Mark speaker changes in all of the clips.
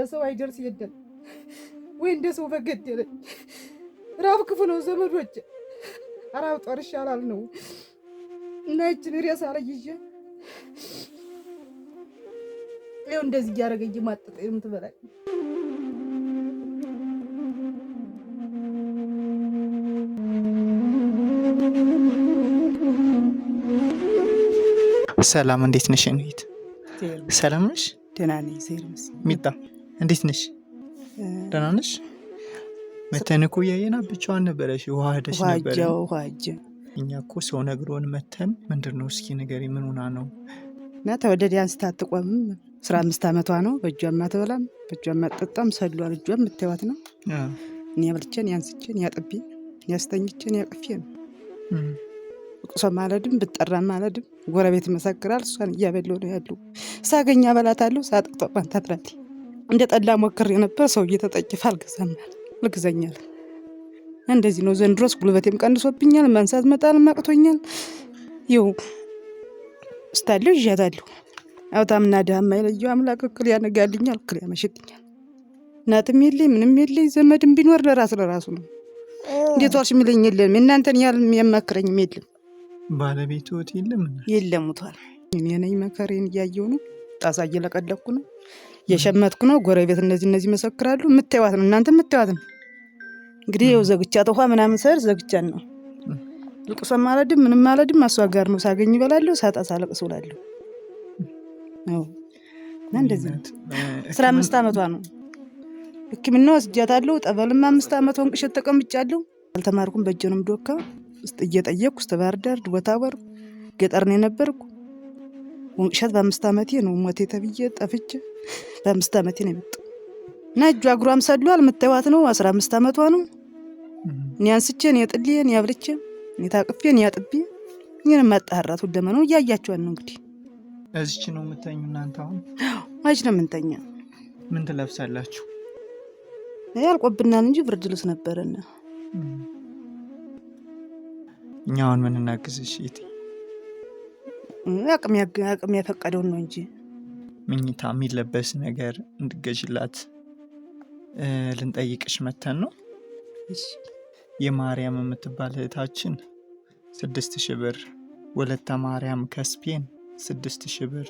Speaker 1: ለሰው አይደርስ የለም ወይ እንደ ሰው በገደለ ራብ ክፉ ነው ዘመዶች። ራብ ጦር ይሻላል ነው እና ይችን ሬሳ ላይ ይዤ ይኸው እንደዚህ እያደረገ እየማጠጠ የምትበላኝ ሰላም እንዴት ነሽ? እንዴት ሰላም ነሽ? ደህና ነኝ። ሚጣ እንዴት ነሽ? ደህና ነሽ? መተን እኮ እያየና ብቻዋን ነበረሽ። ውሃ ሄደሽ ነበረ። እኛ እኮ ሰው ነግሮን መተን። ምንድን ነው እስኪ ነገር ምን ሆና ነው? እና ተወደድ ያንስታ አትቆምም። አስራ አምስት ዓመቷ ነው። በእጇ ማትበላም፣ በእጇ ማጠጣም፣ ሰሉ ልጇ የምትዋት ነው። እኔ ያብልቼን ያንስቼን ያጥቢ ያስተኝቼን ያቅፌ ነው ቁሶ ማለድም ብጠራ ማለድም ጎረቤት ይመሰክራል። እሷን እያበለ ነው ያሉ ሳገኝ አበላታለሁ፣ ሳጠቅጦ ማንታት ናት እንደ ጠላ ሞክሬ ነበር። ሰው እየተጠጭፍ አልገዛኛል ልግዘኛል እንደዚህ ነው። ዘንድሮስ ጉልበቴም ቀንሶብኛል። መንሳት መጣል አቅቶኛል። ይው ስታለሁ ይዣታለሁ። አውታምና ድሃማ የለየው አምላክ እክል ያነጋልኛል፣ እክል ያመሽልኛል። እናትም የለኝ ምንም የለኝ። ዘመድም ቢኖር ለራስ ለራሱ ነው። እንዴት ዋልሽ የሚለኝ የለም። እናንተን ያል የሚያማክረኝም የለም። ባለቤቱ የለም የለም። ሙቷል። እኔ ነኝ መከሬን እያየሁ ነው። ጣሳ እየለቀለኩ ነው። የሸመትኩ ነው ጎረቤት እነዚህ እነዚህ ይመሰክራሉ። የምታዩዋት ነው እናንተ የምታዩት ነው። እንግዲህ ይኸው ዘግቻት ውሃ ምናምን ሰር ዘግቻን ነው ልቅሶም ማለድም ምንም ማለድም አሷ ነው ሳገኝ ይበላለሁ፣ ሳጣ ሳለቅስ ውላለሁ እና እንደዚህ ነው። አስራ አምስት ዓመቷ ነው። ሕክምና ወስጃታለሁ። ጠበልም አምስት ዓመት ወንቅሸት ተቀምጫለሁ። አልተማርኩም። በእጄ ነው የምዶካ ውስጥ እየጠየቅኩ ውስጥ ባህር ዳር ቦታ ወር ገጠር ነው የነበርኩ። ወንቅሸት በአምስት ዓመቴ ነው ሞቴ ተብዬ ጠፍቼ በአምስት ዓመቴ ነው የመጡ እና እጇ እግሯም ሰሏል። የምታዩት ነው አስራ አምስት ዓመቷ ነው። እኔ አንስቼ እኔ ጥሌ እኔ አብልቼ እኔ ታቅፌ እኔ አጥቤ እኔን ማጣራት ሁለመ ነው እያያቸዋን ነው እንግዲህ እዚች ነው የምተኙ እናንተ አሁን ማች ነው የምንተኛ። ምን ትለብሳላችሁ? ያልቆብናል እንጂ ብርድ ልብስ ነበረና እኛ አሁን ምን እናግዝሽ? አቅም ያፈቀደውን ነው እንጂ ምኝታ የሚለበስ ነገር እንድገዥላት ልንጠይቅሽ መተን ነው። የማርያም የምትባል እህታችን ስድስት ሺህ ብር፣ ወለተ ማርያም ከስፔን ስድስት ሺህ ብር፣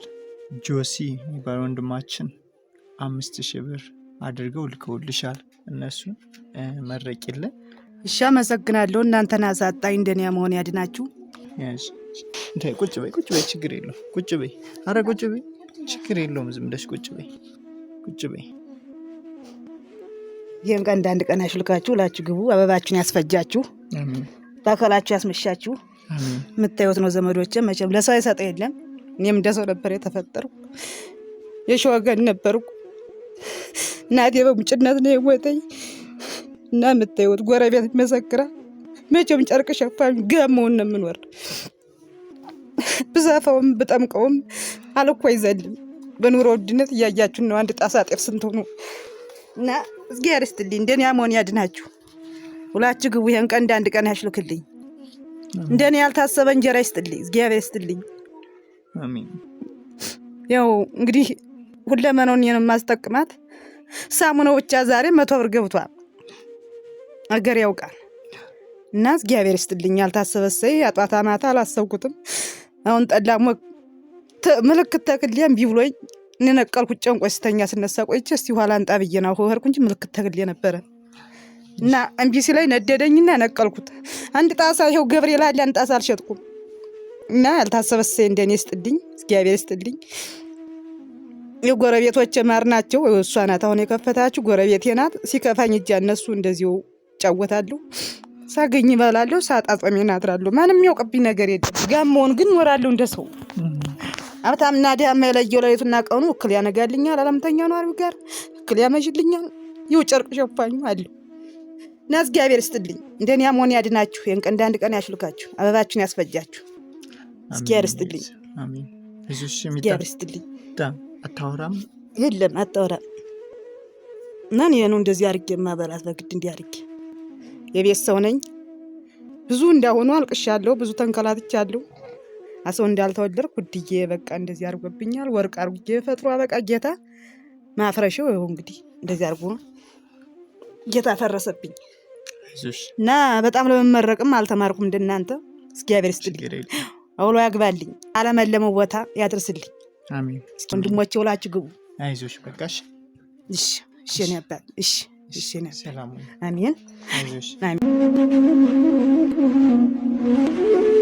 Speaker 1: ጆሲ የሚባል ወንድማችን አምስት ሺህ ብር አድርገው ልከውልሻል። እነሱን መረቂልን። እሺ፣ አመሰግናለሁ። እናንተን አሳጣኝ እንደኒያ መሆን ያድናችሁ። ቁጭ በይ፣ ቁጭ በይ፣ ችግር የለውም። ቁጭ በይ፣ አረ ቁጭ በይ። ችግር የለውም። ዝም ብለሽ ቁጭ በይ ቁጭ በይ። ይህን ቀን እንዳንድ ቀን ያሽልካችሁ፣ ላችሁ ግቡ። አበባችሁን ያስፈጃችሁ፣ በአካላችሁ ያስመሻችሁ። የምታዩት ነው ዘመዶችን መቼም ለሰው የሰጠ የለም። እኔም እንደ ሰው ነበር የተፈጠርኩ፣ የሸዋገን ነበርኩ። እናቴ በሙጭነት ነው የሞተኝ እና የምታዩት ጎረቤት ይመሰክራል። መቼም ጨርቅ ሸፋኝ ገመውን ነው የምኖር ብዛፋውም ብጠምቀውም አለ እኮ አይዘልም። በኑሮ ውድነት እያያችሁ ነው። አንድ ጣሳ ጤፍ ስንት ሆኖ እና እግዚአብሔር ይስጥልኝ። እንደኔ አሞን ያድናችሁ። ሁላችሁ ግቡ። ይሄን ቀን እንደ አንድ ቀን ያሽልክልኝ። እንደኔ ያልታሰበ እንጀራ ይስጥልኝ። እግዚአብሔር ይስጥልኝ። ያው እንግዲህ ሁለመናውን የነ ማስጠቅማት ሳሙናው ብቻ ዛሬ መቶ ብር ገብቷል። አገር ያውቃል እና እግዚአብሔር ይስጥልኝ። ያልታሰበ እሰይ አጧታ ማታ አላሰብኩትም። አሁን ጠላ ሞቅ ምልክት ተክሌን ቢብሎኝ እንነቀል ኩጭ ጨንቆኝ ስተኛ ስነሳ ቆይቼ እስቲ ኋላ አንጣ ብዬ ነው ሆርኩ እንጂ ምልክት ተክሌ ነበረ እና እምቢ ሲለኝ ነደደኝና ነቀልኩት። አንድ ጣሳ ይኸው ገብርኤል አለ አንድ ጣሳ አልሸጥኩም እና ያልታሰበሰ እንደኔ ስጥልኝ እግዚአብሔር ስጥልኝ። የጎረቤቶች ማር ናቸው። እሷ ናት አሁን የከፈታችሁ ጎረቤቴ ናት። ሲከፋኝ እጃ እነሱ እንደዚሁ እጫወታለሁ፣ ሳገኝ እበላለሁ፣ ሳጣ ጾሜን ማንም ያውቅብኝ ነገር የለም። ጋመውን ግን ኖራለሁ እንደ ሰው ሀብታምና ድሃማ የለየው ለሌቱና ቀኑ እክል ያነጋልኛል። አላምተኛ ነዋሪው ጋር እክል ያመሽልኛል። ይው ጨርቅ ሸፋኙ አለው እና እግዚአብሔር ይስጥልኝ። እንደኔ ያመሆን ያድናችሁ፣ ይህን ቀን እንዳንድ ቀን ያሽልካችሁ፣ አበባችን ያስፈጃችሁ። እግዚአብሔር ይስጥልኝ፣ እግዚአብሔር ይስጥልኝ። አታወራም የለም አታወራም። እና እኔ ነው እንደዚህ አድርጌ የማበላት በግድ እንዲህ አድርጌ የቤት ሰው ነኝ። ብዙ እንዳሆኑ አልቅሻለሁ፣ ብዙ ተንከላትቻለሁ። አሰው እንዳልተወደድኩ ውድዬ በቃ እንደዚህ አድርጎብኛል። ወርቅ አድርጌ ፈጥሮ በቃ ጌታ ማፍረሻው ይኸው እንግዲህ እንደዚህ አድርጎ ጌታ ፈረሰብኝ እና በጣም ለመመረቅም አልተማርኩም እንደናንተ። እግዚአብሔር ይስጥልኝ፣ አውሎ ያግባልኝ፣ አለመለመው ቦታ ያድርስልኝ። ወንድሞች ውላችሁ ግቡ። አይዞሽ እሺ፣ እሺ፣ እሺ፣ እሺ፣ አሜን፣ አሜን።